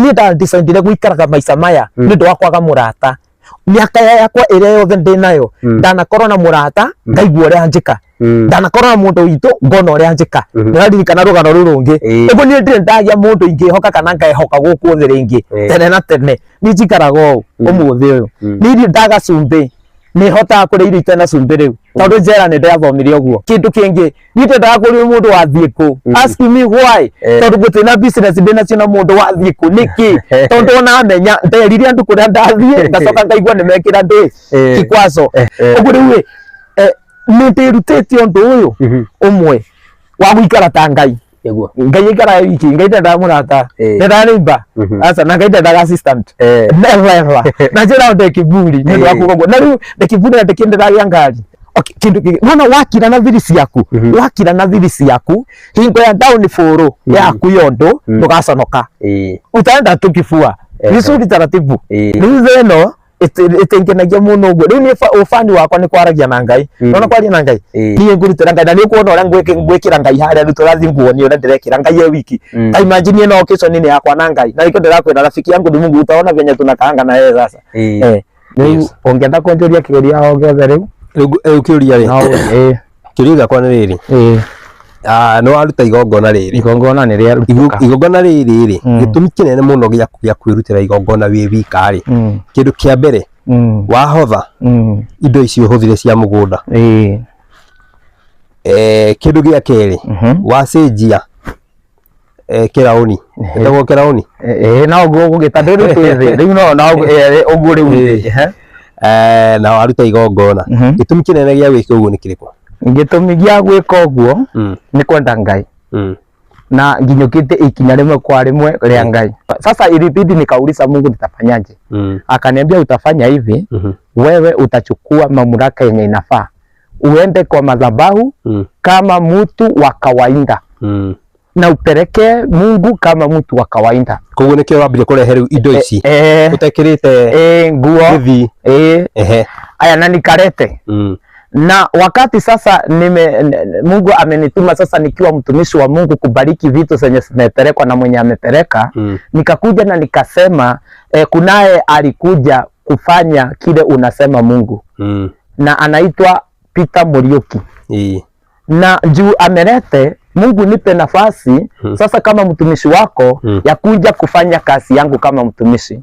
ni nda decide guikaraga maica maya mm. ni ndo wakwaga murata miaka yakwa ire yothe ndi nayo hmm. ndanakorwo na murata hmm. ngaigua uria njika hmm. ndanakorwo na mundu witu ngona uria njika niraririkana rugano ruru rungi ego ni ndire ndagia mundu ingihoka kana ngehoka guku thi ringi tene na tene ni njikaraga uu umuthi uyu ni ndiri ndaga cumbi ni hota kå rä irio sumbere cumbä rä u tondå njera nä ndathomire å guo kä ndå kä ngä nitendaga kå rä må ndå wathiä kå mm. eh. tondå gå tä na business nacio na må wa wathiä niki nä kä eh. tondå ona menya nderire andu kå rä a ndathiä eh. ngacoka ngaigua ni mekä ra ndä kikwaco å guo rä u nä ndä rutä te mm-hmm. wa gå ikara ta ngai Niguo. Ngai ikara wiki ngai tenda murata tenda nimba sasa mhm. na ngai tenda assistant never na jira nde kiburi ni ndo kugongo na riu nde kiburi na ndikinde ya ngari okay kindu nona wakira na thiri ciaku mhm. wakira na thiri ciaku hingo ya down foro mhm. yaku yondo ndugaconoka utenda tukifua nisuri taratibu ni zeno itigenagia muno guo riu ni ufani wakwa ni kwaragia na ngai mm. nona kwaria na ngai nie mm. ngurutira ngai na ni ukuona uria ngwikira ngai haria ritu rathi nguoni uria ndirekira ngai e wiki mm. ta imagine ino okico nini yakwa na ngai na ikio ndirakwira rafiki yangu ni mungu utaona venye tunakaanga na yeye sasa eh. riu ungienda kunjuria kiuria o giothe riu riu eh, kiuria ri eh. kiuria giakwa ni riri Ah, no waruta igongona riri igongona ni ria igongona riri ri mm. gitumi kinene muno gya gya kwirutira igongona wi wika ri mm. kindu kia mbere mm. wahotha indo ici uhuthire cia mugunda eh kindu gya keri mm-hmm. wacenjia kirauni etagwo kirauni eh, eh. eh na uguo gugita ndiru twithi riu no na uguo riu eh na waruta igongona mm-hmm. gitumi kinene gya gwika uguo ni kiriko gitumi gia gwika uguo hmm. ni kwenda ngai hmm. na nginyukite ikinya rimwe kwa rimwe ria hmm. ngai sasa ilibidi nikauliza mungu nitafanyaje akaniambia utafanya hivi wewe utachukua mamlaka yenye inafaa uende kwa madhabahu kama mtu wa kawaida na upeleke Mungu kama mtu wa kawaida. Koguo nikio wambire kurehe riu indo eh, ici utekirite eh. eh, nguo githi aya na nikarete mm na wakati sasa nime, Mungu amenituma sasa nikiwa mtumishi wa Mungu kubariki vitu zenye zimepelekwa na mwenye amepeleka mm. Nikakuja na nikasema eh, kunaye alikuja kufanya kile unasema Mungu mm. na anaitwa Peter Muriuki na juu amelete Mungu nipe nafasi mm. sasa kama mtumishi wako mm. ya kuja kufanya kazi yangu kama mtumishi.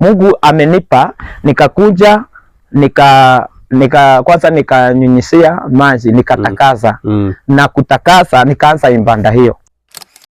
Mungu amenipa nikakuja nika nika kwanza nikanyunyisia maji nikatakaza mm. mm. na kutakaza nikaanza imbanda hiyo